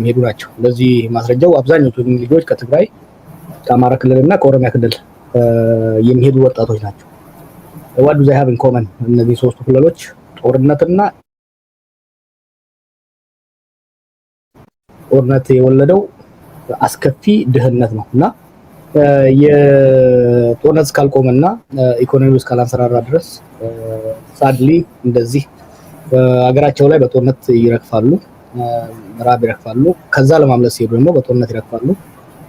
የሚሄዱ ናቸው። ለዚህ ማስረጃው አብዛኞቹ ልጆች ከትግራይ ከአማራ ክልል እና ከኦሮሚያ ክልል የሚሄዱ ወጣቶች ናቸው። ዋዱ ዛይ ኮመን እነዚህ ሶስቱ ክልሎች ጦርነትና ጦርነት የወለደው አስከፊ ድህነት ነው እና የጦርነት እስካልቆመ ኢኮኖሚ እስካላንሰራራ ድረስ ሳድሊ እንደዚህ ሀገራቸው ላይ በጦርነት ይረግፋሉ። ራብ ይረግፋሉ። ከዛ ለማምለስ ሲሄዱ ደግሞ በጦርነት ይረግፋሉ።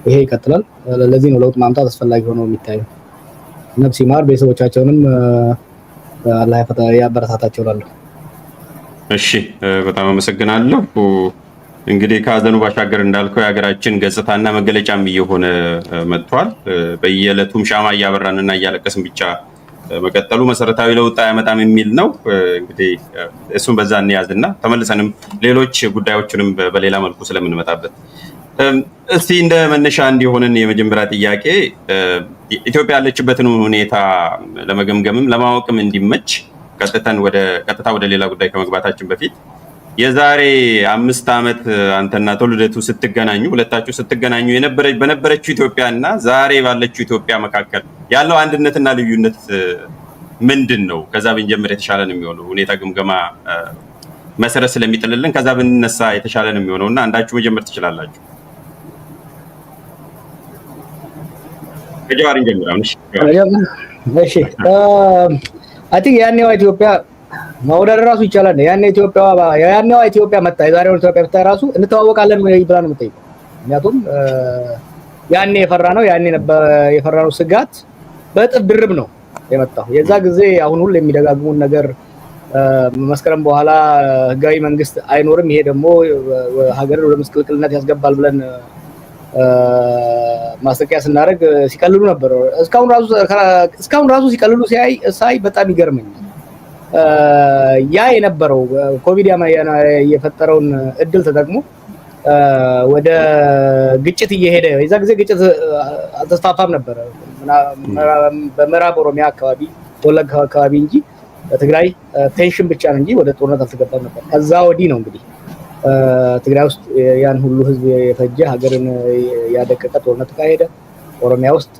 ይሄ ይቀጥላል። ለዚህ ነው ለውጥ ማምጣት አስፈላጊ ሆኖ የሚታየው። ነፍስ ይማር፣ ቤተሰቦቻቸውንም አላህ ያበረታታቸው እላለሁ። እሺ በጣም አመሰግናለሁ። እንግዲህ ከሀዘኑ ባሻገር እንዳልከው የሀገራችን ገጽታና መገለጫም እየሆነ መጥቷል። በየዕለቱም ሻማ እያበራንና እያለቀስን ብቻ መቀጠሉ መሰረታዊ ለውጥ አያመጣም የሚል ነው። እንግዲህ እሱን በዛ እንያዝ ተመልሰንም ሌሎች ጉዳዮችንም በሌላ መልኩ ስለምንመጣበት እስቲ እንደ መነሻ እንዲሆንን የመጀመሪያ ጥያቄ ኢትዮጵያ ያለችበትን ሁኔታ ለመገምገምም ለማወቅም እንዲመች ቀጥታ ወደ ሌላ ጉዳይ ከመግባታችን በፊት የዛሬ አምስት ዓመት አንተና ተወልደቱ ስትገናኙ ሁለታችሁ ስትገናኙ በነበረችው ኢትዮጵያ እና ዛሬ ባለችው ኢትዮጵያ መካከል ያለው አንድነትና ልዩነት ምንድን ነው? ከዛ ብንጀምር የተሻለ ነው የሚሆነው ሁኔታ ግምገማ መሰረት ስለሚጥልልን ከዛ ብንነሳ የተሻለ ነው የሚሆነው እና አንዳችሁ መጀመር ትችላላችሁ። ከጀዋር እንጀምር። አይ ቲንክ ያኔዋ ኢትዮጵያ መውለድ ራሱ ይቻላል። ያኔ ኢትዮጵያ ያኔዋ ኢትዮጵያ መጣ የዛሬውን ኢትዮጵያ ብታይ ራሱ እንተዋወቃለን ብላ ነው የምጠይቀው። ምክንያቱም ያኔ የፈራ ነው ያኔ ነበር የፈራ ነው ስጋት በጥብ ድርብ ነው የመጣው። የዛ ጊዜ አሁን ሁሉ የሚደጋግሙን ነገር መስከረም በኋላ ህጋዊ መንግስት አይኖርም፣ ይሄ ደግሞ ሀገርን ወደ ምስቅልቅልነት ያስገባል ብለን ማስጠንቀቂያ ስናደርግ ሲቀልሉ ነበር። እስካሁን ራሱ ሲቀልሉ ሳይ በጣም ይገርመኛል። ያ የነበረው ኮቪድ የፈጠረውን እድል ተጠቅሞ ወደ ግጭት እየሄደ የዛ ጊዜ ግጭት አልተስፋፋም ነበረ። በምዕራብ ኦሮሚያ አካባቢ ወለጋ አካባቢ እንጂ በትግራይ ቴንሽን ብቻ ነው እንጂ ወደ ጦርነት አልተገባም ነበር። ከዛ ወዲህ ነው እንግዲህ ትግራይ ውስጥ ያን ሁሉ ህዝብ የፈጀ ሀገርን ያደቀቀ ጦርነት ተካሄደ። ኦሮሚያ ውስጥ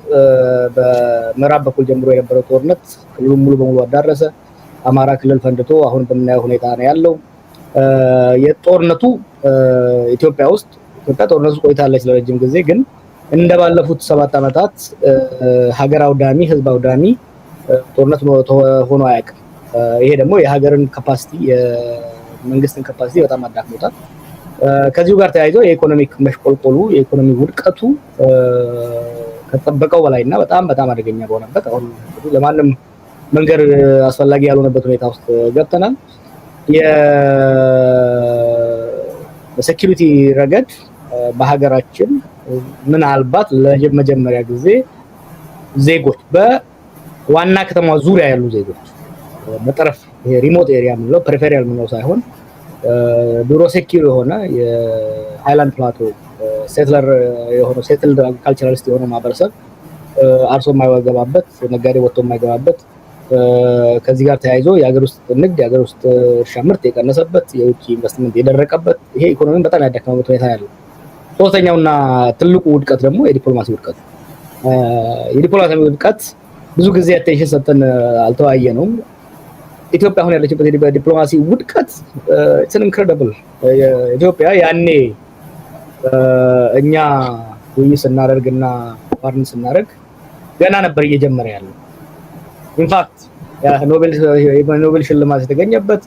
በምዕራብ በኩል ጀምሮ የነበረው ጦርነት ክልሉን ሙሉ በሙሉ አዳረሰ። አማራ ክልል ፈንድቶ አሁን በምናየው ሁኔታ ነው ያለው። የጦርነቱ ኢትዮጵያ ውስጥ ኢትዮጵያ ጦርነቱ ቆይታለች ለረጅም ጊዜ ግን እንደ ባለፉት ሰባት ዓመታት ሀገር አውዳሚ ህዝብ አውዳሚ ጦርነት ሆኖ አያውቅም። ይሄ ደግሞ የሀገርን ካፓሲቲ የመንግስትን ካፓሲቲ በጣም አዳክሞታል። ከዚሁ ጋር ተያይዞ የኢኮኖሚክ መሽቆልቆሉ የኢኮኖሚ ውድቀቱ ከጠበቀው በላይ እና በጣም በጣም አደገኛ በሆነበት አሁን ለማንም መንገድ አስፈላጊ ያልሆነበት ሁኔታ ውስጥ ገብተናል። የሴኪሪቲ ረገድ በሀገራችን ምናልባት ለመጀመሪያ ጊዜ ዜጎች በዋና ከተማ ዙሪያ ያሉ ዜጎች መጠረፍ ሪሞት ኤሪያ የምንለው ፕሪፌሪያል ምንለው ሳይሆን ድሮ ሴኪር የሆነ የሃይላንድ ፕላቶ ሴትለር የሆነ ሴትልድ አግሪካልቸራሊስት የሆነ ማህበረሰብ አርሶ የማይገባበት ነጋዴ ወጥቶ የማይገባበት ከዚህ ጋር ተያይዞ የሀገር ውስጥ ንግድ የሀገር ውስጥ እርሻ ምርት የቀነሰበት፣ የውጭ ኢንቨስትመንት የደረቀበት ይሄ ኢኮኖሚን በጣም ያዳከመበት ሁኔታ ያለው። ሶስተኛውና ትልቁ ውድቀት ደግሞ የዲፕሎማሲ ውድቀት። የዲፕሎማሲ ውድቀት ብዙ ጊዜ አቴንሽን ሰጠን አልተወያየ ነው። ኢትዮጵያ አሁን ያለችበት የዲፕሎማሲ ውድቀት ኢትን ኢንክሬዲብል። ኢትዮጵያ ያኔ እኛ ውይይት ስናደርግ እና ፓርን ስናደርግ ገና ነበር እየጀመረ ያለው ኢንፋክት ኖቤል ሽልማት የተገኘበት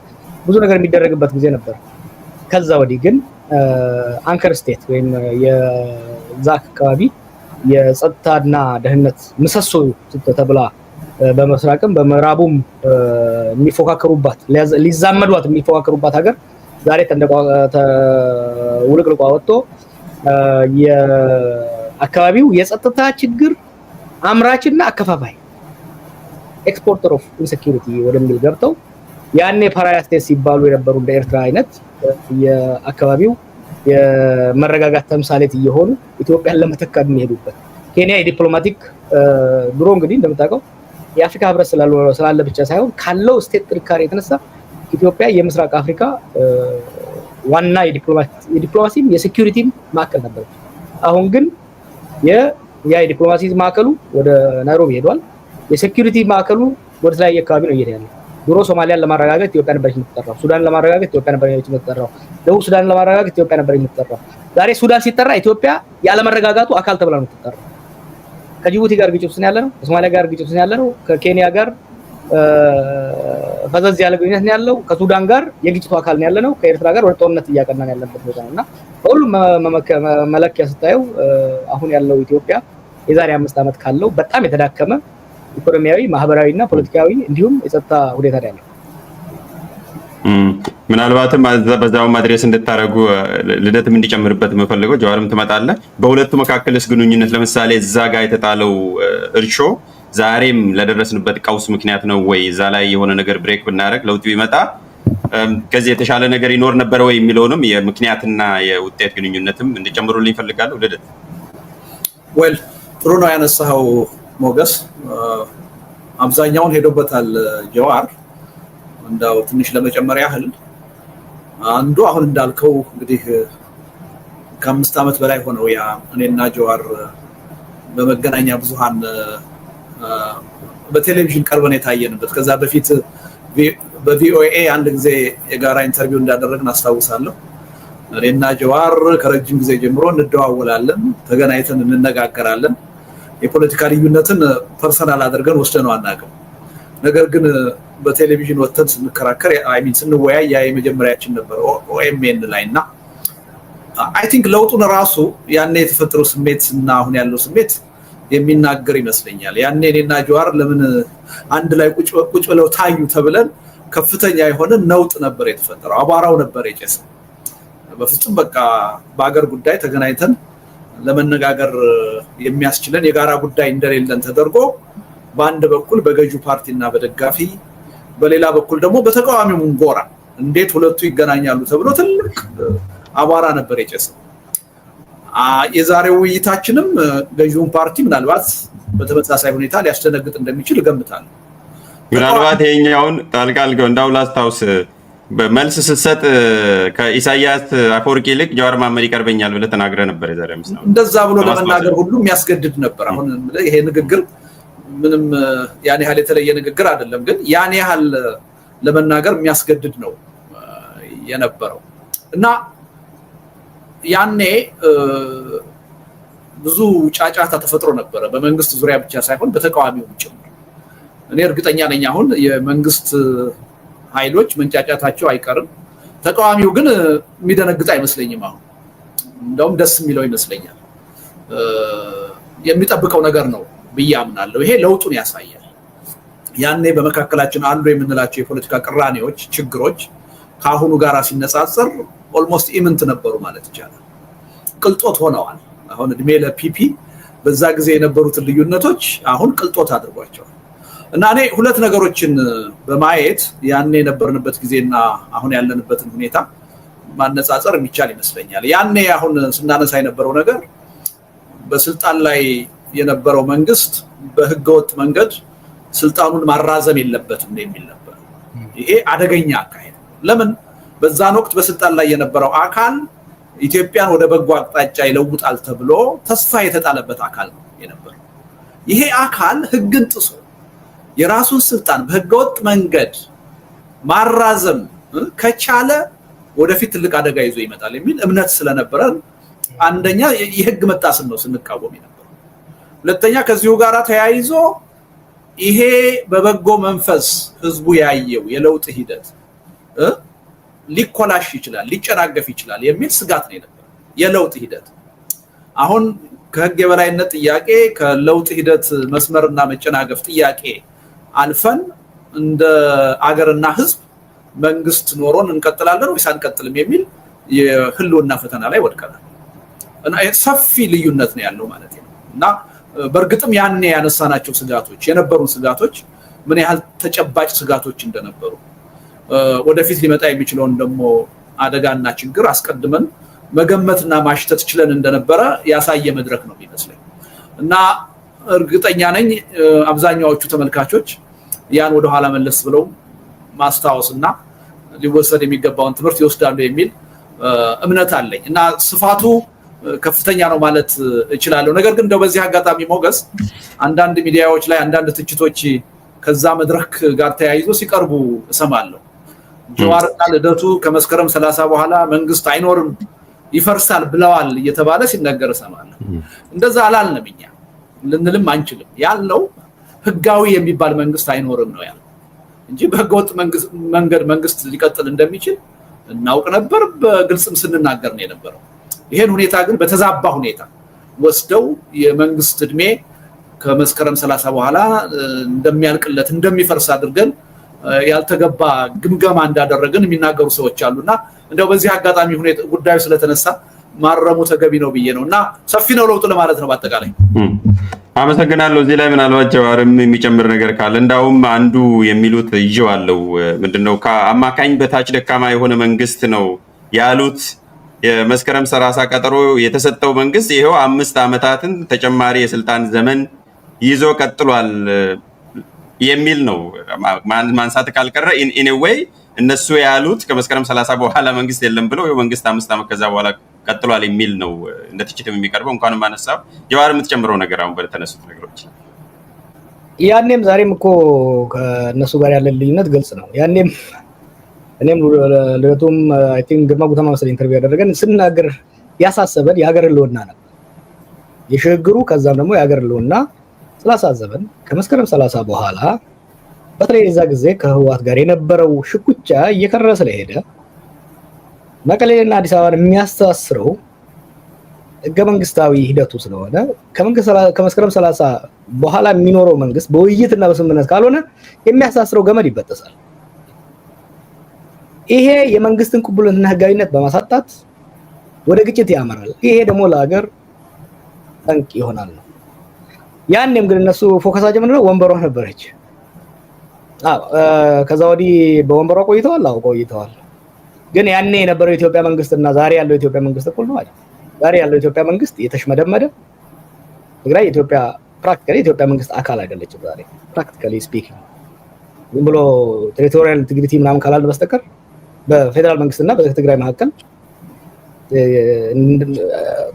ብዙ ነገር የሚደረግበት ጊዜ ነበር። ከዛ ወዲህ ግን አንከር ስቴት ወይም የዛክ አካባቢ የጸጥታና ደህንነት ምሰሶ ተብላ በመስራቅም በምዕራቡም የሚፎካከሩባት ሊዛመዷት የሚፎካከሩባት ሀገር ዛሬ ተውልቅልቋ ወጥቶ የአካባቢው የጸጥታ ችግር አምራችና አከፋፋይ ኤክስፖርተር ኦፍ ኢንሴኪሪቲ ወደሚል ገብተው ያኔ ፓራያ ስቴት ሲባሉ የነበሩ እንደ ኤርትራ አይነት የአካባቢው የመረጋጋት ተምሳሌት እየሆኑ ኢትዮጵያን ለመተካት የሚሄዱበት ኬንያ የዲፕሎማቲክ ድሮ እንግዲህ እንደምታውቀው የአፍሪካ ህብረት ስላለ ብቻ ሳይሆን ካለው ስቴት ጥንካሬ የተነሳ ኢትዮጵያ የምስራቅ አፍሪካ ዋና የዲፕሎማሲም የሴኪሪቲም ማዕከል ነበረች። አሁን ግን ያ የዲፕሎማሲ ማዕከሉ ወደ ናይሮቢ ሄዷል። የሴኩሪቲ ማዕከሉ ወደ ተለያየ አካባቢ ነው እየሄደ ያለው። ድሮ ሶማሊያን ለማረጋገጥ ኢትዮጵያ ነበረች የምትጠራው። ሱዳን ለማረጋገጥ ኢትዮጵያ ነበረች የምትጠራው። ደቡብ ሱዳን ለማረጋገጥ ኢትዮጵያ ነበረች የምትጠራው። ዛሬ ሱዳን ሲጠራ ኢትዮጵያ ያለመረጋጋቱ አካል ተብላ ነው የምትጠራው። ከጅቡቲ ጋር ግጭት ውስጥ ያለ ነው። ከሶማሊያ ጋር ግጭት ውስጥ ያለ ነው። ከኬንያ ጋር ፈዘዝ ያለ ግንኙነት ነው ያለው። ከሱዳን ጋር የግጭቱ አካል ነው ያለ ነው። ከኤርትራ ጋር ወደ ጦርነት ነው ያለበት ቦታ ነው እና በሁሉም መለኪያ ስታየው አሁን ያለው ኢትዮጵያ የዛሬ አምስት ዓመት ካለው በጣም የተዳከመ ኢኮኖሚያዊ፣ ማህበራዊ እና ፖለቲካዊ እንዲሁም የጸጥታ ሁኔታ ያለው። ምናልባትም በዛው ማድረስ እንድታደረጉ ልደትም እንዲጨምርበት የምፈልገው ጀዋርም ትመጣለ። በሁለቱ መካከልስ ግንኙነት ለምሳሌ እዛ ጋር የተጣለው እርሾ ዛሬም ለደረስንበት ቀውስ ምክንያት ነው ወይ? እዛ ላይ የሆነ ነገር ብሬክ ብናደረግ ለውጥ ቢመጣ ከዚህ የተሻለ ነገር ይኖር ነበረ ወይ የሚለውንም የምክንያትና የውጤት ግንኙነትም እንዲጨምሩልኝ ይፈልጋለሁ። ልደት ወል ጥሩ ነው ያነሳኸው ሞገስ አብዛኛውን ሄዶበታል ጀዋር። እንዳው ትንሽ ለመጨመር ያህል አንዱ አሁን እንዳልከው እንግዲህ ከአምስት ዓመት በላይ ሆነው ያ እኔና ጀዋር በመገናኛ ብዙሃን በቴሌቪዥን ቀርበን የታየንበት። ከዛ በፊት በቪኦኤ አንድ ጊዜ የጋራ ኢንተርቪው እንዳደረግን አስታውሳለሁ። እኔና ጀዋር ከረጅም ጊዜ ጀምሮ እንደዋወላለን፣ ተገናኝተን እንነጋገራለን። የፖለቲካ ልዩነትን ፐርሰናል አድርገን ነው አናውቅም። ነገር ግን በቴሌቪዥን ወተን ስንከራከር ሚን ስንወያይ ያ የመጀመሪያችን ነበር ኦኤምኤን ላይ እና አይ ቲንክ ለውጡን ራሱ ያኔ የተፈጠረው ስሜት እና አሁን ያለው ስሜት የሚናገር ይመስለኛል። ያኔ እኔና ጀዋር ለምን አንድ ላይ ቁጭ ብለው ታዩ ተብለን ከፍተኛ የሆነ ነውጥ ነበር የተፈጠረው። አቧራው ነበር የጨሰ። በፍጹም በቃ በአገር ጉዳይ ተገናኝተን ለመነጋገር የሚያስችለን የጋራ ጉዳይ እንደሌለን ተደርጎ በአንድ በኩል በገዢ ፓርቲና በደጋፊ በሌላ በኩል ደግሞ በተቃዋሚ ጎራ እንዴት ሁለቱ ይገናኛሉ ተብሎ ትልቅ አቧራ ነበር የጨሰው። የዛሬው ውይይታችንም ገዢውን ፓርቲ ምናልባት በተመሳሳይ ሁኔታ ሊያስደነግጥ እንደሚችል እገምታለሁ። ምናልባት ይኸኛውን ጣልቃ ልገው እንዳው ላስታውስ መልስ ስትሰጥ ከኢሳያስ አፈወርቂ ይልቅ ጀዋር መሐመድ ይቀርበኛል ብለህ ተናግረህ ነበር። የዛሬ ምስ እንደዛ ብሎ ለመናገር ሁሉ የሚያስገድድ ነበር። አሁን ይሄ ንግግር ምንም ያን ያህል የተለየ ንግግር አይደለም፣ ግን ያን ያህል ለመናገር የሚያስገድድ ነው የነበረው እና ያኔ ብዙ ጫጫታ ተፈጥሮ ነበረ፣ በመንግስት ዙሪያ ብቻ ሳይሆን በተቃዋሚውም ጭምር። እኔ እርግጠኛ ነኝ አሁን የመንግስት ኃይሎች መንጫጫታቸው አይቀርም። ተቃዋሚው ግን የሚደነግጥ አይመስለኝም። አሁን እንደውም ደስ የሚለው ይመስለኛል። የሚጠብቀው ነገር ነው ብዬ አምናለሁ። ይሄ ለውጡን ያሳያል። ያኔ በመካከላችን አሉ የምንላቸው የፖለቲካ ቅራኔዎች፣ ችግሮች ከአሁኑ ጋር ሲነጻጸር ኦልሞስት ኢምንት ነበሩ ማለት ይቻላል። ቅልጦት ሆነዋል። አሁን እድሜ ለፒፒ በዛ ጊዜ የነበሩትን ልዩነቶች አሁን ቅልጦት አድርጓቸዋል። እና እኔ ሁለት ነገሮችን በማየት ያኔ የነበርንበት ጊዜና አሁን ያለንበትን ሁኔታ ማነጻጸር የሚቻል ይመስለኛል። ያኔ አሁን ስናነሳ የነበረው ነገር በስልጣን ላይ የነበረው መንግስት በህገወጥ መንገድ ስልጣኑን ማራዘም የለበትም የሚል ነበር። ይሄ አደገኛ አካሄድ። ለምን በዛን ወቅት በስልጣን ላይ የነበረው አካል ኢትዮጵያን ወደ በጎ አቅጣጫ ይለውጣል ተብሎ ተስፋ የተጣለበት አካል ነው የነበረው። ይሄ አካል ህግን ጥሶ የራሱን ስልጣን በህገወጥ መንገድ ማራዘም ከቻለ ወደፊት ትልቅ አደጋ ይዞ ይመጣል የሚል እምነት ስለነበረ አንደኛ የህግ መጣስን ነው ስንቃወም ነበር። ሁለተኛ ከዚሁ ጋር ተያይዞ ይሄ በበጎ መንፈስ ህዝቡ ያየው የለውጥ ሂደት ሊኮላሽ ይችላል፣ ሊጨናገፍ ይችላል የሚል ስጋት ነው የነበረ። የለውጥ ሂደት አሁን ከህግ የበላይነት ጥያቄ ከለውጥ ሂደት መስመርና መጨናገፍ ጥያቄ አልፈን እንደ አገርና ህዝብ መንግስት ኖሮን እንቀጥላለን ወይስ አንቀጥልም የሚል የህልውና ፈተና ላይ ወድቀናል እና ሰፊ ልዩነት ነው ያለው ማለት ነው እና በእርግጥም ያኔ ያነሳናቸው ስጋቶች የነበሩን ስጋቶች ምን ያህል ተጨባጭ ስጋቶች እንደነበሩ ወደፊት ሊመጣ የሚችለውን ደግሞ አደጋና ችግር አስቀድመን መገመትና ማሽተት ችለን እንደነበረ ያሳየ መድረክ ነው የሚመስለኝ እና እርግጠኛ ነኝ አብዛኛዎቹ ተመልካቾች ያን ወደኋላ መለስ ብለው ማስታወስ እና ሊወሰድ የሚገባውን ትምህርት ይወስዳሉ የሚል እምነት አለኝ እና ስፋቱ ከፍተኛ ነው ማለት እችላለሁ። ነገር ግን እንደው በዚህ አጋጣሚ ሞገስ፣ አንዳንድ ሚዲያዎች ላይ አንዳንድ ትችቶች ከዛ መድረክ ጋር ተያይዞ ሲቀርቡ እሰማለሁ። ጀዋርና ልደቱ ከመስከረም ሰላሳ በኋላ መንግስት አይኖርም ይፈርሳል ብለዋል እየተባለ ሲነገር እሰማለሁ። እንደዛ አላልንም እኛ ልንልም አንችልም ያልነው ህጋዊ የሚባል መንግስት አይኖርም ነው ያለው እንጂ በህገወጥ መንገድ መንግስት ሊቀጥል እንደሚችል እናውቅ ነበር። በግልጽም ስንናገር ነው የነበረው። ይሄን ሁኔታ ግን በተዛባ ሁኔታ ወስደው የመንግስት እድሜ ከመስከረም ሰላሳ በኋላ እንደሚያልቅለት እንደሚፈርስ አድርገን ያልተገባ ግምገማ እንዳደረግን የሚናገሩ ሰዎች አሉና እንደው በዚህ አጋጣሚ ጉዳዩ ስለተነሳ ማረሙ ተገቢ ነው ብዬ ነው እና ሰፊ ነው ለውጡ ለማለት ነው በአጠቃላይ። አመሰግናለሁ። እዚህ ላይ ምናልባት ጀዋርም የሚጨምር ነገር ካለ እንዳውም አንዱ የሚሉት ይዤው አለው ምንድነው ከአማካኝ በታች ደካማ የሆነ መንግስት ነው ያሉት። የመስከረም ሰላሳ ቀጠሮ የተሰጠው መንግስት ይኸው አምስት ዓመታትን ተጨማሪ የስልጣን ዘመን ይዞ ቀጥሏል የሚል ነው ማንሳት ካልቀረ ኢን ኤ ዌይ እነሱ ያሉት ከመስከረም ሰላሳ በኋላ መንግስት የለም ብለው መንግስት አምስት ዓመት ከዛ በኋላ ቀጥሏል የሚል ነው እንደ ትችትም የሚቀርበው። እንኳንም አነሳው የባህር የምትጨምረው ነገር አሁን በተነሱት ነገሮች ያኔም ዛሬም እኮ ከእነሱ ጋር ያለን ልዩነት ግልጽ ነው። ያኔም እኔም ልደቱም አይ ቲንክ ግርማ ጉተማ መሰለኝ ኢንተርቪው ያደረገን ስናገር ያሳሰበን የሀገር ህልውና ነው የሽግግሩ ከዛም ደግሞ የሀገር ህልውና ስላሳዘበን ከመስከረም ሰላሳ በኋላ በተለይ የዛ ጊዜ ከህወሓት ጋር የነበረው ሽኩቻ እየከረረ ስለሄደ መቀሌና አዲስ አበባን የሚያስተሳስረው ህገ መንግስታዊ ሂደቱ ስለሆነ ከመስከረም ሰላሳ በኋላ የሚኖረው መንግስት በውይይትና በስምምነት ካልሆነ የሚያሳስረው ገመድ ይበጠሳል። ይሄ የመንግስትን ቅቡልነትና ህጋዊነት በማሳጣት ወደ ግጭት ያመራል። ይሄ ደግሞ ለሀገር ጠንቅ ይሆናል ነው። ያኔም ግን እነሱ ፎከሳቸው ምንድነው? ወንበሯ ነበረች። ከዛ ወዲህ በወንበሯ ቆይተዋል። አዎ ቆይተዋል። ግን ያኔ የነበረው የኢትዮጵያ መንግስት እና ዛሬ ያለው የኢትዮጵያ መንግስት እኩል ነው አይደል? ዛሬ ያለው የኢትዮጵያ መንግስት የተሽመደመደ ትግራይ ኢትዮጵያ ፕራክቲካሊ የኢትዮጵያ መንግስት አካል አይደለችም። ዛሬ ፕራክቲካሊ ስፒኪንግ ዝም ብሎ ቴሪቶሪያል ኢንቲግሪቲ ምናምን ካላልን በስተቀር በፌዴራል መንግስት እና በትግራይ መካከል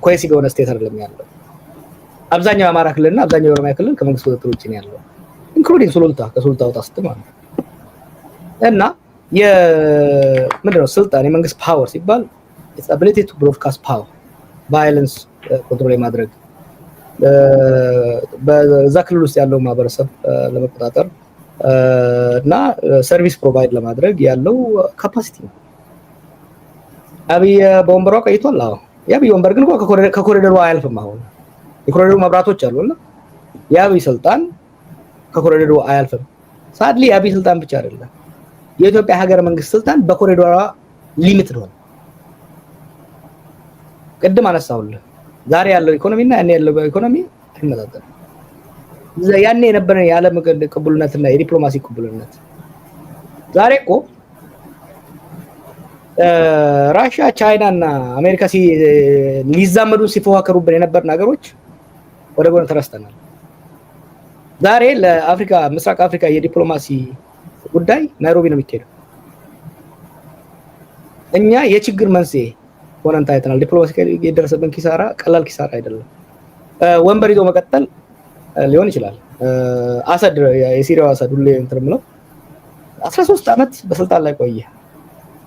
ኮሄሲቭ የሆነ ስቴት አይደለም ያለው። አብዛኛው የአማራ ክልል እና አብዛኛው የኦሮሚያ ክልል ከመንግስት ቁጥጥር ውጭ ነው ያለው ኢንክሉዲንግ ሱሉልታ ከሱሉልታ ውጣ ስትል ማለት እና የምንድነው ስልጣን የመንግስት ፓወር ሲባል አቢሊቲ ቱ ብሮድካስት ፓወር ቫይለንስ ኮንትሮል የማድረግ uh, በዛ ክልል ውስጥ ያለው ማህበረሰብ uh, ለመቆጣጠር uh, እና ሰርቪስ ፕሮቫይድ ለማድረግ ያለው ካፓሲቲ ነው። አብይ በወንበሯ ቆይቷል። አዎ የአብይ ወንበር ግን ከኮሪደሩ አያልፍም። አሁን የኮሪደሩ መብራቶች አሉና የአብይ ስልጣን ከኮሪደሩ አያልፍም። ሳድሊ የአብይ ስልጣን ብቻ አይደለም የኢትዮጵያ ሀገር መንግስት ስልጣን በኮሪዶሯ ሊሚት ነው። ቅድም አነሳሁልህ። ዛሬ ያለው ኢኮኖሚ እና ያኔ ያለው ኢኮኖሚ አይመጣጠንም። ያኔ የነበረን የዓለም እና የዲፕሎማሲ ቅቡልነት ዛሬ እኮ ራሽያ፣ ቻይና እና አሜሪካ ሊዛመዱ ሲፎካከሩብን የነበርን ሀገሮች ወደ ጎን ተረስተናል። ዛሬ ለአፍሪካ ምስራቅ አፍሪካ የዲፕሎማሲ ጉዳይ ናይሮቢ ነው የሚካሄደው። እኛ የችግር መንስኤ ሆነን ታይተናል። ዲፕሎማሲ የደረሰብን ኪሳራ ቀላል ኪሳራ አይደለም። ወንበር ይዞ መቀጠል ሊሆን ይችላል። አሰድ የሲሪያው አሰድ ሁሌ እንትን የምለው አስራ ሶስት ዓመት በስልጣን ላይ ቆየ።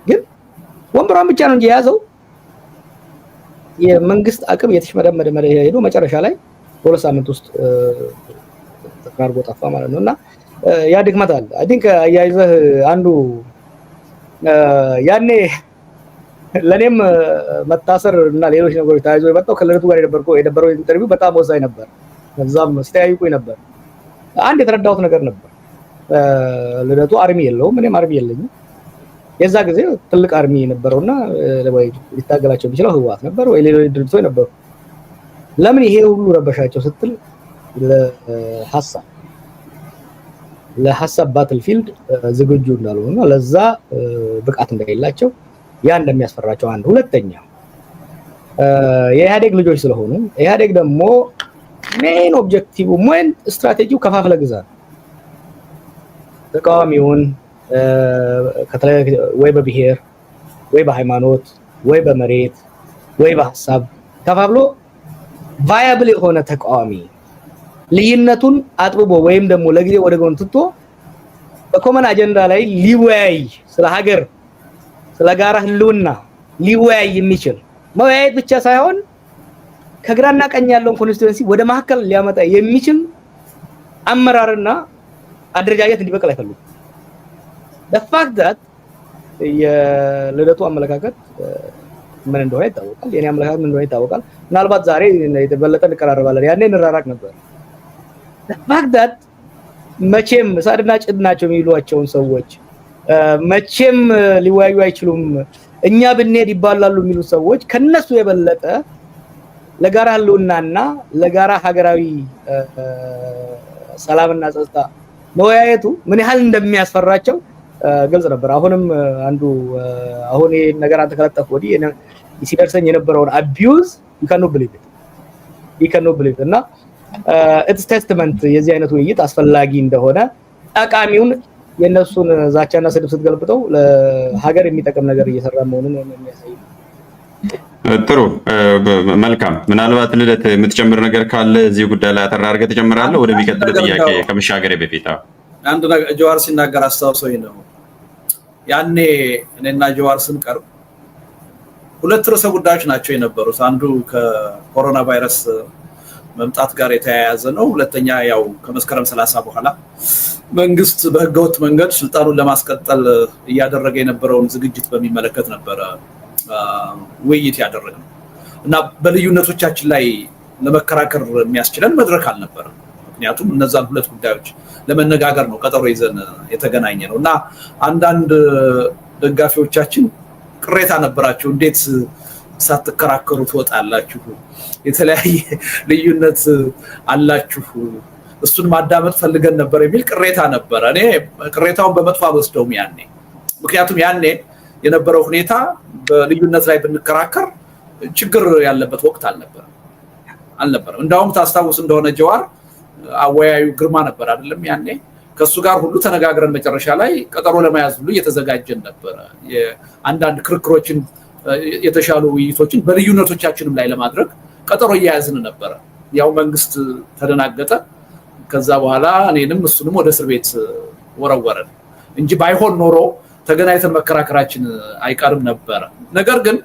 ግን ወንበሯን ብቻ ነው እንጂ የያዘው የመንግስት አቅም የተሽመደመደ ሄዶ መጨረሻ ላይ በሁለት ሳምንት ውስጥ ተራርጎ ጠፋ ማለት ነው እና ያ ድክመታል። አይ ቲንክ አያይዘህ አንዱ ያኔ ለእኔም መታሰር እና ሌሎች ነገሮች ተያይዞ የመጣው ከልደቱ ጋር የነበረው ኢንተርቪው በጣም ወሳኝ ነበር። እዛም ሲጠያይቁኝ ነበር። አንድ የተረዳሁት ነገር ነበር። ልደቱ አርሚ የለውም፣ እኔም አርሚ የለኝም። የዛ ጊዜ ትልቅ አርሚ የነበረውና ሊታገላቸው የሚችለው ህወሓት ነበር ወይ ሌሎች ድርጅቶች ነበሩ። ለምን ይሄ ሁሉ ረበሻቸው ስትል ሀሳብ ለሀሳብ ባትል ፊልድ ዝግጁ እንዳልሆኑ ለዛ ብቃት እንደሌላቸው ያ እንደሚያስፈራቸው አንድ። ሁለተኛ የኢህአዴግ ልጆች ስለሆኑ ኢህአዴግ ደግሞ ሜን ኦብጀክቲቭ ሜን ስትራቴጂው ከፋፍለ ግዛ ተቃዋሚውን ወይ በብሔር ወይ በሃይማኖት ወይ በመሬት ወይ በሀሳብ ከፋፍሎ ቫያብል የሆነ ተቃዋሚ ልዩነቱን አጥብቦ ወይም ደግሞ ለጊዜ ወደ ጎን ትቶ በኮመን አጀንዳ ላይ ሊወያይ ስለ ሀገር፣ ስለ ጋራ ህልውና ሊወያይ የሚችል መወያየት ብቻ ሳይሆን ከግራና ቀኝ ያለውን ኮንስቲትዌንሲ ወደ መካከል ሊያመጣ የሚችል አመራርና አደረጃጀት እንዲበቅል አይፈልጉም። በፋክት ዳት የልደቱ አመለካከት ምን እንደሆነ ይታወቃል። የኔ አመለካከት ምን እንደሆነ ይታወቃል። ምናልባት ዛሬ የበለጠ እንቀራረባለን፣ ያኔ እንራራቅ ነበር። ፋክት መቼም ሳድና ጭድ ናቸው የሚሏቸውን ሰዎች መቼም ሊወያዩ አይችሉም፣ እኛ ብንሄድ ይባላሉ የሚሉ ሰዎች ከነሱ የበለጠ ለጋራ ህልውናና ለጋራ ሀገራዊ ሰላምና ጸጥታ መወያየቱ ምን ያህል እንደሚያስፈራቸው ግልጽ ነበር። አሁንም አንዱ አሁን ይሄን ነገር አንተ ከለጠፍክ ወዲህ ሲደርሰኝ የነበረውን አቢዩዝ ይከኑ ብሊቭ ይከኑ ብሊቭ እና ኢትስ uh, ቴስተመንት የዚህ አይነት ውይይት አስፈላጊ እንደሆነ ጠቃሚውን የእነሱን ዛቻና ስድብ ስትገልብጠው ለሀገር የሚጠቅም ነገር እየሰራ መሆኑን የሚያሳይ ጥሩ መልካም። ምናልባት ልደት የምትጨምር ነገር ካለ እዚህ ጉዳይ ላይ አጠራ አድርገህ ትጨምራለህ። ወደሚቀጥለው ጥያቄ ከመሻገሬ በፊት አንድ ጀዋር ሲናገር አስታውሰኝ ነው። ያኔ እኔና ጀዋር ስንቀርብ ሁለት ርዕሰ ጉዳዮች ናቸው የነበሩት። አንዱ ከኮሮና ቫይረስ መምጣት ጋር የተያያዘ ነው። ሁለተኛ ያው ከመስከረም ሰላሳ በኋላ መንግስት በህገወጥ መንገድ ስልጣኑን ለማስቀጠል እያደረገ የነበረውን ዝግጅት በሚመለከት ነበረ ውይይት ያደረግ ነው። እና በልዩነቶቻችን ላይ ለመከራከር የሚያስችለን መድረክ አልነበረም። ምክንያቱም እነዛን ሁለት ጉዳዮች ለመነጋገር ነው ቀጠሮ ይዘን የተገናኘ ነው እና አንዳንድ ደጋፊዎቻችን ቅሬታ ነበራቸው እንዴት ሳትከራከሩ ትወጣላችሁ። የተለያየ ልዩነት አላችሁ። እሱን ማዳመጥ ፈልገን ነበር የሚል ቅሬታ ነበረ። እኔ ቅሬታውን በመጥፎ አልወስደውም ያኔ። ምክንያቱም ያኔ የነበረው ሁኔታ በልዩነት ላይ ብንከራከር ችግር ያለበት ወቅት አልነበረም አልነበረም። እንዳውም ታስታውስ እንደሆነ ጀዋር አወያዩ ግርማ ነበር አይደለም? ያኔ ከእሱ ጋር ሁሉ ተነጋግረን መጨረሻ ላይ ቀጠሮ ለመያዝ ሁሉ እየተዘጋጀን ነበረ። አንዳንድ ክርክሮችን የተሻሉ ውይይቶችን በልዩነቶቻችንም ላይ ለማድረግ ቀጠሮ እያያዝን ነበረ። ያው መንግስት ተደናገጠ። ከዛ በኋላ እኔንም እሱንም ወደ እስር ቤት ወረወረን እንጂ ባይሆን ኖሮ ተገናኝተን መከራከራችን አይቀርም ነበረ። ነገር ግን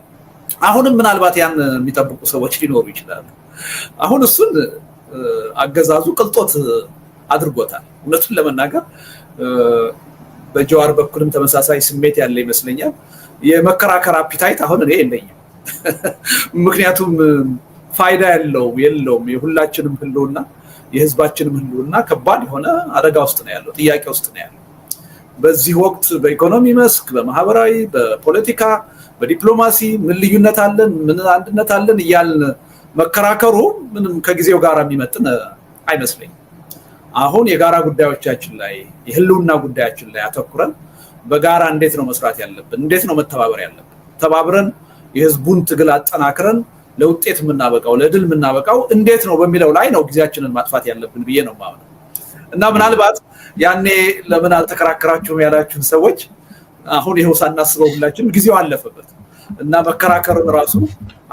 አሁንም ምናልባት ያን የሚጠብቁ ሰዎች ሊኖሩ ይችላሉ። አሁን እሱን አገዛዙ ቅልጦት አድርጎታል። እውነቱን ለመናገር በጀዋር በኩልም ተመሳሳይ ስሜት ያለ ይመስለኛል። የመከራከር አፒታይት አሁን እኔ የለኝም። ምክንያቱም ፋይዳ ያለውም የለውም የሁላችንም ህልውና የህዝባችንም ህልውና ከባድ የሆነ አደጋ ውስጥ ነው ያለው፣ ጥያቄ ውስጥ ነው ያለው። በዚህ ወቅት በኢኮኖሚ መስክ፣ በማህበራዊ፣ በፖለቲካ፣ በዲፕሎማሲ ምን ልዩነት አለን፣ ምን አንድነት አለን እያልን መከራከሩ ምንም ከጊዜው ጋር የሚመጥን አይመስለኝም። አሁን የጋራ ጉዳዮቻችን ላይ የህልውና ጉዳያችን ላይ አተኩረን በጋራ እንዴት ነው መስራት ያለብን? እንዴት ነው መተባበር ያለብን? ተባብረን የህዝቡን ትግል አጠናክረን ለውጤት የምናበቃው ለድል የምናበቃው እንዴት ነው በሚለው ላይ ነው ጊዜያችንን ማጥፋት ያለብን ብዬ ነው የማምነው። እና ምናልባት ያኔ ለምን አልተከራከራችሁም ያላችሁን ሰዎች አሁን ይኸው ሳናስበው ሁላችን ጊዜው አለፈበት እና መከራከርን ራሱ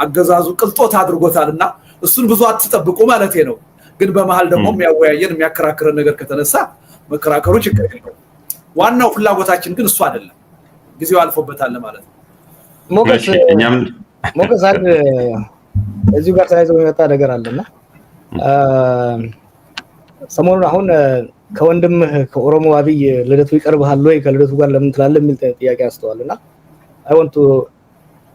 አገዛዙ ቅልጦት አድርጎታል። እና እሱን ብዙ አትጠብቁ ማለት ነው። ግን በመሀል ደግሞ የሚያወያየን የሚያከራክረን ነገር ከተነሳ መከራከሩ ችግር የለውም። ዋናው ፍላጎታችን ግን እሱ አይደለም። ጊዜው አልፎበታል ማለት ነው። ሞገስ አንድ እዚሁ ጋር ተያይዘው የሚመጣ ነገር አለና ሰሞኑን አሁን ከወንድምህ ከኦሮሞ አብይ ልደቱ ይቀርብሃል ወይ ከልደቱ ጋር ለምን ትላለህ የሚል ጥያቄ አንስተዋል እና አይ ወንት ቱ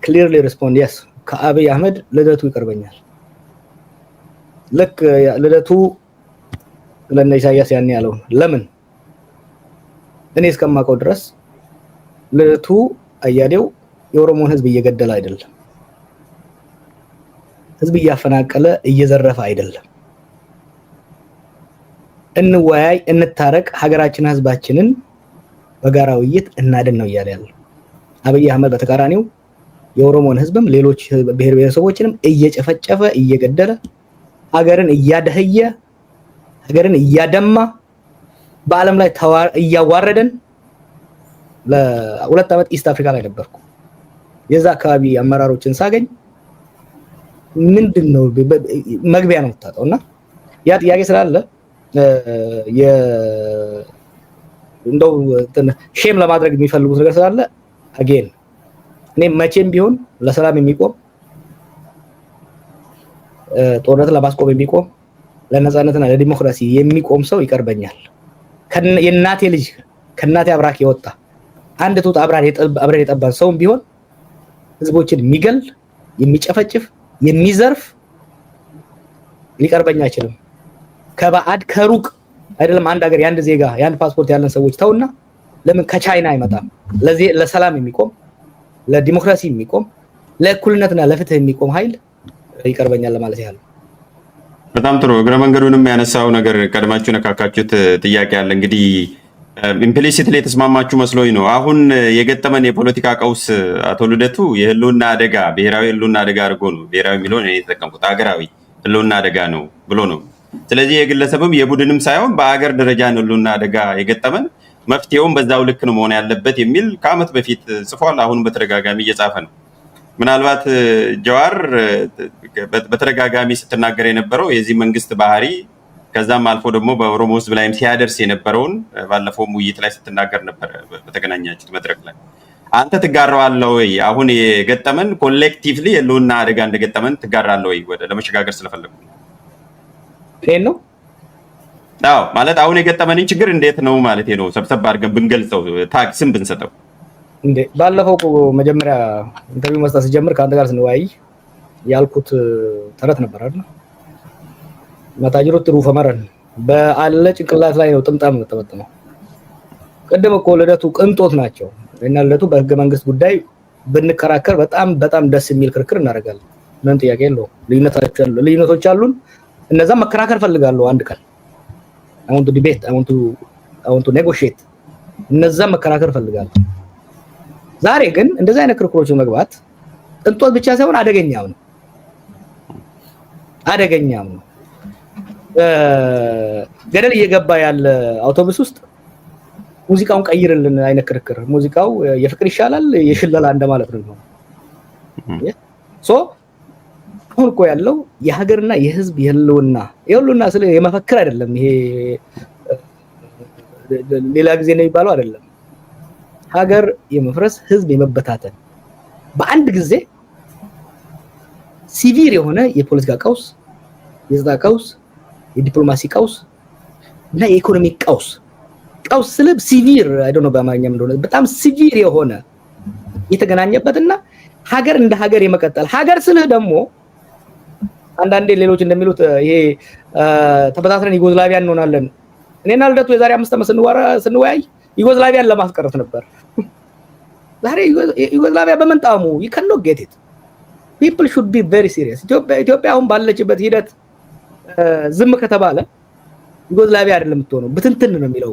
ክሊርሊ ሪስፖንድ የስ ከአብይ አህመድ ልደቱ ይቀርበኛል። ልክ ልደቱ ለነ ኢሳያስ ያን ያለው ለምን እኔ እስከማውቀው ድረስ ልዕቱ አያሌው የኦሮሞን ህዝብ እየገደለ አይደለም፣ ህዝብ እያፈናቀለ እየዘረፈ አይደለም። እንወያይ፣ እንታረቅ፣ ሀገራችን ህዝባችንን በጋራ ውይይት እናድን ነው እያለ ያለው። አብይ አህመድ በተቃራኒው የኦሮሞን ህዝብም ሌሎች ብሔር ብሔረሰቦችንም እየጨፈጨፈ እየገደለ ሀገርን እያደህየ ሀገርን እያደማ በዓለም ላይ እያዋረደን ለሁለት ዓመት ኢስት አፍሪካ ላይ ነበርኩ። የዛ አካባቢ አመራሮችን ሳገኝ ምንድን ነው መግቢያ ነው የምታጠው እና ያ ጥያቄ ስላለ እንደው ሼም ለማድረግ የሚፈልጉት ነገር ስላለ አጌን እኔ መቼም ቢሆን ለሰላም የሚቆም ጦርነትን ለማስቆም የሚቆም ለነፃነትና ለዲሞክራሲ የሚቆም ሰው ይቀርበኛል። የእናቴ ልጅ ከእናቴ አብራክ የወጣ አንድ ጡት አብረን የጠባን ሰውም ቢሆን ህዝቦችን የሚገል የሚጨፈጭፍ የሚዘርፍ ሊቀርበኝ አይችልም። ከባዕድ ከሩቅ አይደለም። አንድ ሀገር የአንድ ዜጋ የአንድ ፓስፖርት ያለን ሰዎች ተውና ለምን ከቻይና አይመጣም? ለሰላም የሚቆም ለዲሞክራሲ የሚቆም ለእኩልነትና ለፍትህ የሚቆም ኃይል ይቀርበኛል ለማለት ያህል በጣም ጥሩ እግረ መንገዱንም ያነሳው ነገር ቀድማችሁ ነካካችሁት ጥያቄ አለ። እንግዲህ ኢምፕሊሲት ላይ የተስማማችሁ መስሎኝ ነው። አሁን የገጠመን የፖለቲካ ቀውስ አቶ ልደቱ የህልውና አደጋ ብሔራዊ ህልውና አደጋ አድርጎ ነው ብሔራዊ የሚለውን የተጠቀምኩት ሀገራዊ ህልውና አደጋ ነው ብሎ ነው። ስለዚህ የግለሰብም የቡድንም ሳይሆን በአገር ደረጃ ነው ህልውና አደጋ የገጠመን፣ መፍትሄውም በዛው ልክ ነው መሆን ያለበት የሚል ከዓመት በፊት ጽፏል። አሁንም በተደጋጋሚ እየጻፈ ነው። ምናልባት ጀዋር በተደጋጋሚ ስትናገር የነበረው የዚህ መንግስት ባህሪ ከዛም አልፎ ደግሞ በኦሮሞ ህዝብ ላይም ሲያደርስ የነበረውን ባለፈውም ውይይት ላይ ስትናገር ነበር። በተገናኛችሁት መድረክ ላይ አንተ ትጋራዋለህ ወይ? አሁን የገጠመን ኮሌክቲቭሊ የልውና አደጋ እንደገጠመን ትጋራለህ ወይ? ለመሸጋገር ስለፈለጉ ነው። አዎ ማለት አሁን የገጠመንን ችግር እንዴት ነው ማለት ነው ሰብሰብ አድርገን ብንገልጸው፣ ስም ብንሰጠው እንዴ ባለፈው መጀመሪያ ኢንተርቪው መስጠት ሲጀምር ከአንተ ጋር ስንወያይ ያልኩት ተረት ነበር አይደል? መታጅሩ ጥሩ ፈመረን በአለ ጭንቅላት ላይ ነው ጥምጣም የምጠመጥመው። ቅድም እኮ ልደቱ ቅንጦት ናቸው እና ልደቱ በህገ መንግስት ጉዳይ ብንከራከር በጣም በጣም ደስ የሚል ክርክር እናደርጋለን። ምንም ጥያቄ የለውም። ልዩነቶች አሉን። እነዛም መከራከር ፈልጋለሁ አንድ ቀን አሁን ዲቤት አሁን ኔጎሽት እነዛም መከራከር ፈልጋለሁ ዛሬ ግን እንደዚህ አይነት ክርክሮች መግባት ቅንጦት ብቻ ሳይሆን አደገኛም ነው፣ አደገኛም ነው። ገደል እየገባ ያለ አውቶቡስ ውስጥ ሙዚቃውን ቀይርልን አይነት ክርክር፣ ሙዚቃው የፍቅር ይሻላል የሽለላ እንደማለት ነው። ሶ አሁን እኮ ያለው የሀገርና የህዝብ የህልውና የህልውና ስለ የመፈክር አይደለም። ይሄ ሌላ ጊዜ ነው የሚባለው አይደለም። ሀገር የመፍረስ ህዝብ የመበታተን በአንድ ጊዜ ሲቪር የሆነ የፖለቲካ ቀውስ፣ የጸጥታ ቀውስ፣ የዲፕሎማሲ ቀውስ እና የኢኮኖሚ ቀውስ ቀውስ ስለ ሲቪር አይዶ ነው በአማርኛም እንደሆነ በጣም ሲቪር የሆነ የተገናኘበትና ሀገር እንደ ሀገር የመቀጠል ሀገር ስልህ ደግሞ አንዳንዴ ሌሎች እንደሚሉት ይሄ ተበታትነን ዩጎዝላቪያ እንሆናለን። እኔና ልደቱ የዛሬ አምስት ዓመት ስንወያይ ዩጎዝላቪያን ለማስቀረት ነበር። ዛሬ ዩጎዝላቪያ በመንጣሙ ይከኖ ጌቴት ፒፕል ሹድ ቢ ቨሪ ሲሪየስ። ኢትዮጵያ አሁን ባለችበት ሂደት ዝም ከተባለ ዩጎዝላቪያ አይደለም የምትሆነው፣ ብትንትን ነው የሚለው።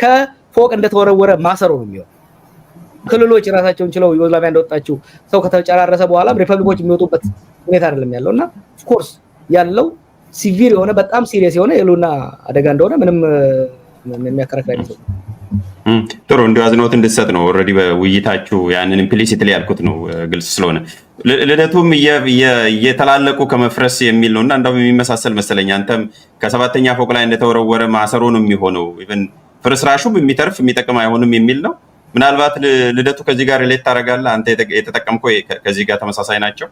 ከፎቅ እንደተወረወረ ማሰሮ ነው የሚሆነው። ክልሎች ራሳቸውን ችለው ዩጎዝላቪያ እንደወጣችው ሰው ከተጨራረሰ በኋላም ሪፐብሊኮች የሚወጡበት ሁኔታ አይደለም ያለው እና ኦፍኮርስ ያለው ሲቪር የሆነ በጣም ሲሪየስ የሆነ የሉና አደጋ እንደሆነ ምንም የሚያከራክር አይነት ጥሩ እንዲሁ አዝኖት እንድትሰጥ ነው። ኦልሬዲ በውይይታችሁ ያንን ኢምፕሊሲትሊ ያልኩት ነው ግልጽ ስለሆነ ልደቱም እየተላለቁ ከመፍረስ የሚል ነው እና እንዳውም የሚመሳሰል መሰለኝ። አንተም ከሰባተኛ ፎቅ ላይ እንደተወረወረ ማሰሮ ነው የሚሆነው ኢቨን ፍርስራሹም የሚተርፍ የሚጠቅም አይሆንም የሚል ነው። ምናልባት ልደቱ ከዚህ ጋር ሌት ታደርጋለህ አንተ የተጠቀምከው ከዚህ ጋር ተመሳሳይ ናቸው።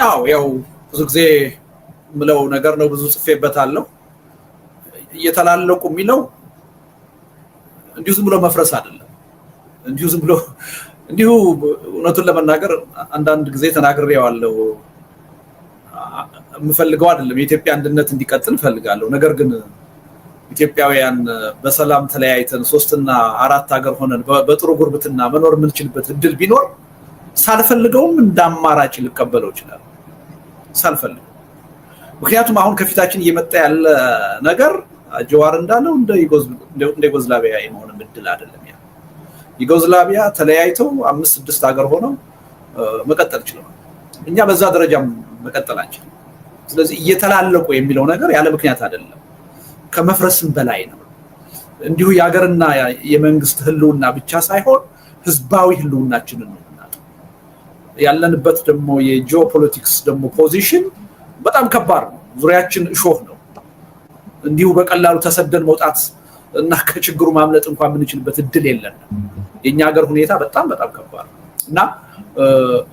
ያው ያው ብዙ ጊዜ ምለው ነገር ነው ብዙ ጽፌበታለሁ እየተላለቁ የሚለው እንዲሁ ዝም ብሎ መፍረስ አይደለም። እንዲሁ ዝም ብሎ እንዲሁ እውነቱን ለመናገር አንዳንድ ጊዜ ተናግሬዋለሁ። የምፈልገው አይደለም የኢትዮጵያ አንድነት እንዲቀጥል እፈልጋለሁ። ነገር ግን ኢትዮጵያውያን በሰላም ተለያይተን ሶስትና አራት ሀገር ሆነን በጥሩ ጉርብትና መኖር የምንችልበት እድል ቢኖር ሳልፈልገውም እንደ አማራጭ ልቀበለው ይችላል። ሳልፈልገው ምክንያቱም አሁን ከፊታችን እየመጣ ያለ ነገር ጀዋር እንዳለው እንደ ዩጎዝላቪያ የመሆንም እድል አይደለም። ያ ዩጎዝላቪያ ተለያይተው አምስት ስድስት ሀገር ሆነው መቀጠል ችለዋል። እኛ በዛ ደረጃም መቀጠል አንችልም። ስለዚህ እየተላለቁ የሚለው ነገር ያለ ምክንያት አይደለም፣ ከመፍረስም በላይ ነው። እንዲሁ የሀገርና የመንግስት ህልውና ብቻ ሳይሆን ህዝባዊ ህልውናችንን ነው የምናጠው። ያለንበት ደግሞ የጂኦፖለቲክስ ደግሞ ፖዚሽን በጣም ከባድ ነው። ዙሪያችን እሾህ ነው። እንዲሁ በቀላሉ ተሰደን መውጣት እና ከችግሩ ማምለጥ እንኳን የምንችልበት እድል የለን። የእኛ ሀገር ሁኔታ በጣም በጣም ከባድ እና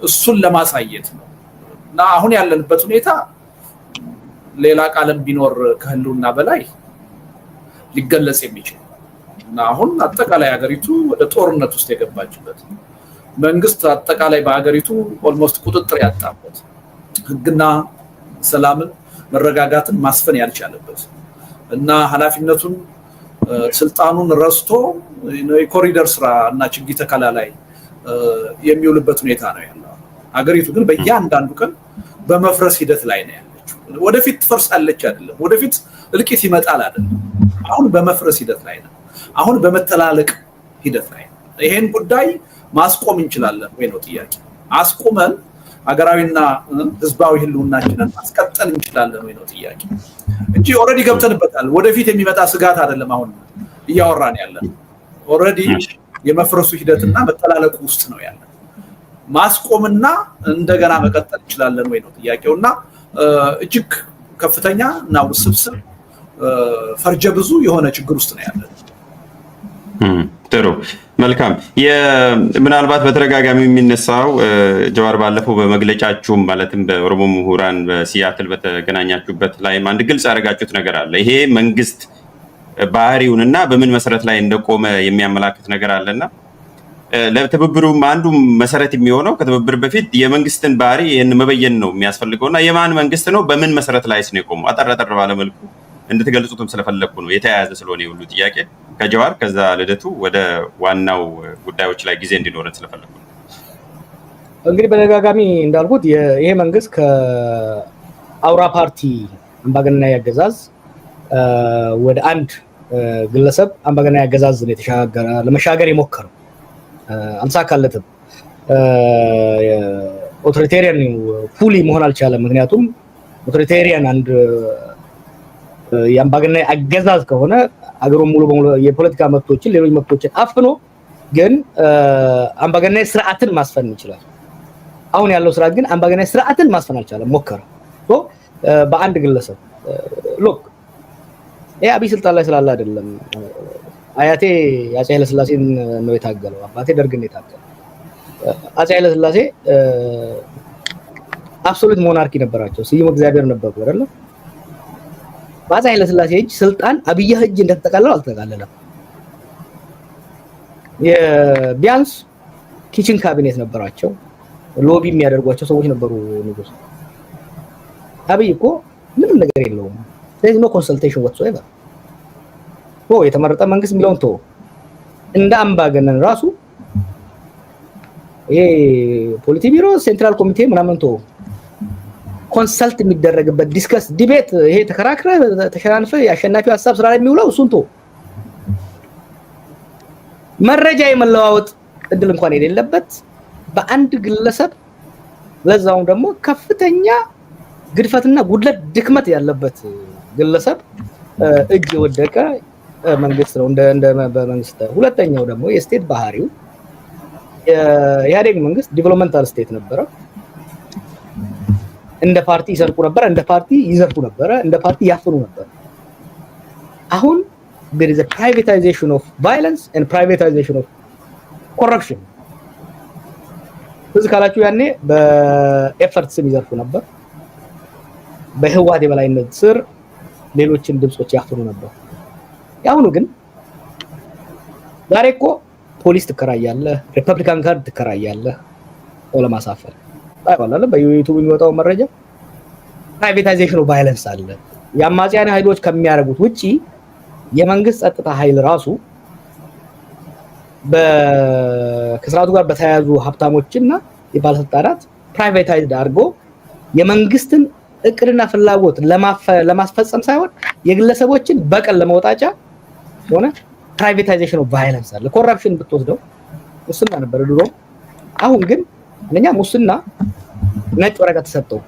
እሱን ለማሳየት ነው እና አሁን ያለንበት ሁኔታ ሌላ ቃለም ቢኖር ከህልውና በላይ ሊገለጽ የሚችል እና አሁን አጠቃላይ ሀገሪቱ ወደ ጦርነት ውስጥ የገባችበት መንግስት አጠቃላይ በሀገሪቱ ኦልሞስት ቁጥጥር ያጣበት ህግና ሰላምን መረጋጋትን ማስፈን ያልቻለበት እና ኃላፊነቱን ስልጣኑን ረስቶ የኮሪደር ስራ እና ችግኝ ተከላ ላይ የሚውልበት ሁኔታ ነው ያለው። ሀገሪቱ ግን በእያንዳንዱ ቀን በመፍረስ ሂደት ላይ ነው ያለችው። ወደፊት ትፈርሳለች አይደለም፣ ወደፊት እልቂት ይመጣል አይደለም። አሁን በመፍረስ ሂደት ላይ ነው። አሁን በመተላለቅ ሂደት ላይ ነው። ይሄን ጉዳይ ማስቆም እንችላለን ወይ ነው ጥያቄ። አስቁመን አገራዊና ህዝባዊ ህልውናችንን ማስቀጠል እንችላለን ወይ ነው ጥያቄ እንጂ ኦልሬዲ ገብተንበታል። ወደፊት የሚመጣ ስጋት አይደለም። አሁን እያወራን ያለን ኦልሬዲ የመፍረሱ ሂደትና መተላለቁ ውስጥ ነው ያለን። ማስቆምና እንደገና መቀጠል እንችላለን ወይ ነው ጥያቄው እና እጅግ ከፍተኛ እና ውስብስብ ፈርጀ ብዙ የሆነ ችግር ውስጥ ነው ያለን። ጥሩ መልካም። ምናልባት በተደጋጋሚ የሚነሳው ጀዋር ባለፈው በመግለጫችሁም ማለትም በኦሮሞ ምሁራን በሲያትል በተገናኛችሁበት ላይም አንድ ግልጽ ያደረጋችሁት ነገር አለ። ይሄ መንግስት እና በምን መሰረት ላይ እንደቆመ የሚያመላክት ነገር አለና ለትብብሩም አንዱ መሰረት የሚሆነው ከትብብር በፊት የመንግስትን ባህሪ ይህን መበየን ነው የሚያስፈልገው እና የማን መንግስት ነው በምን መሰረት ላይ ነው የቆመው አጠር አጠር ባለመልኩ እንድትገልጹትም ስለፈለግኩ ነው የተያያዘ ስለሆነ የሁሉ ጥያቄ ከጀዋር ከዛ ልደቱ ወደ ዋናው ጉዳዮች ላይ ጊዜ እንዲኖረን ስለፈለጉ እንግዲህ በደጋጋሚ እንዳልኩት ይሄ መንግስት ከአውራ ፓርቲ አምባገነናዊ አገዛዝ ወደ አንድ ግለሰብ አምባገነናዊ አገዛዝ ለመሻገር የሞከረው አልተሳካለትም። ኦቶሪቴሪያን ፉሊ መሆን አልቻለም። ምክንያቱም ኦቶሪቴሪያን አንድ የአምባገነን አገዛዝ ከሆነ አገሩ ሙሉ በሙሉ የፖለቲካ መብቶችን፣ ሌሎች መብቶችን አፍኖ ግን አምባገነን ስርዓትን ማስፈን ይችላል። አሁን ያለው ስርዓት ግን አምባገነን ስርዓትን ማስፈን አልቻለም፣ ሞከረ በአንድ ግለሰብ ሎክ ይህ አብይ ስልጣን ላይ ስላለ አይደለም። አያቴ አፄ ኃይለስላሴን ነው የታገለው፣ አባቴ ደርግን የታገለው። አፄ ኃይለስላሴ አብሶሉት ሞናርኪ ነበራቸው፣ ስዩም እግዚአብሔር ነበሩ አይደለም በአፄ ኃይለስላሴ እጅ ስልጣን አብያ እጅ እንደተጠቃለለ አልተጠቃለለም። ቢያንስ ኪችን ካቢኔት ነበራቸው፣ ሎቢ የሚያደርጓቸው ሰዎች ነበሩ። ንጉስ አብይ እኮ ምንም ነገር የለውም። ስለዚህ ነው ኮንሰልቴሽን ወጥቶ ይባል የተመረጠ መንግስት የሚለውን ተወው። እንደ አምባገነን ራሱ ይሄ ፖሊቲ ቢሮ ሴንትራል ኮሚቴ ምናምን ተወው። ኮንሰልት የሚደረግበት ዲስከስ ዲቤት፣ ይሄ ተከራክረ ተሸናንፈ የአሸናፊው ሀሳብ ስራ ላይ የሚውለው እሱን ቶ መረጃ የመለዋወጥ እድል እንኳን የሌለበት በአንድ ግለሰብ ለዛውም ደግሞ ከፍተኛ ግድፈትና ጉድለት ድክመት ያለበት ግለሰብ እጅ የወደቀ መንግስት ነው። በመንግስት ሁለተኛው ደግሞ የስቴት ባህሪው የኢህአዴግ መንግስት ዲቨሎፕመንታል ስቴት ነበረ። እንደ ፓርቲ ይሰርቁ ነበር፣ እንደ ፓርቲ ይዘርፉ ነበረ፣ እንደ ፓርቲ ያፍኑ ነበር። አሁን there is a privatization of violence and privatization of corruption። ትዝ ካላችሁ ያኔ በኤፈርት ስም ይዘርፉ ነበር፣ በህዋት የበላይነት ስር ሌሎችን ድምፆች ያፍኑ ነበር። የአሁኑ ግን ዛሬ እኮ ፖሊስ ትከራያለህ፣ ሪፐብሊካን ጋርድ ትከራያለህ ለማሳፈር ታውቃለህ። በዩቱብ የሚወጣው መረጃ ፕራይቬታይዜሽን ቫይለንስ አለ። የአማጽያን ኃይሎች ከሚያደርጉት ውጪ የመንግስት ጸጥታ ኃይል ራሱ ከስርዓቱ ጋር በተያያዙ ሀብታሞችና የባለስልጣናት ፕራይቬታይዝ አድርጎ የመንግስትን እቅድና ፍላጎት ለማስፈጸም ሳይሆን የግለሰቦችን በቀል ለመውጣጫ ሆነ ፕራይቬታይዜሽን ኦፍ ቫይለንስ አለ። ኮረፕሽን ብትወስደው ውስና ነበር ድሮ፣ አሁን ግን እነኛ ሙስና ነጭ ወረቀት ተሰጠው።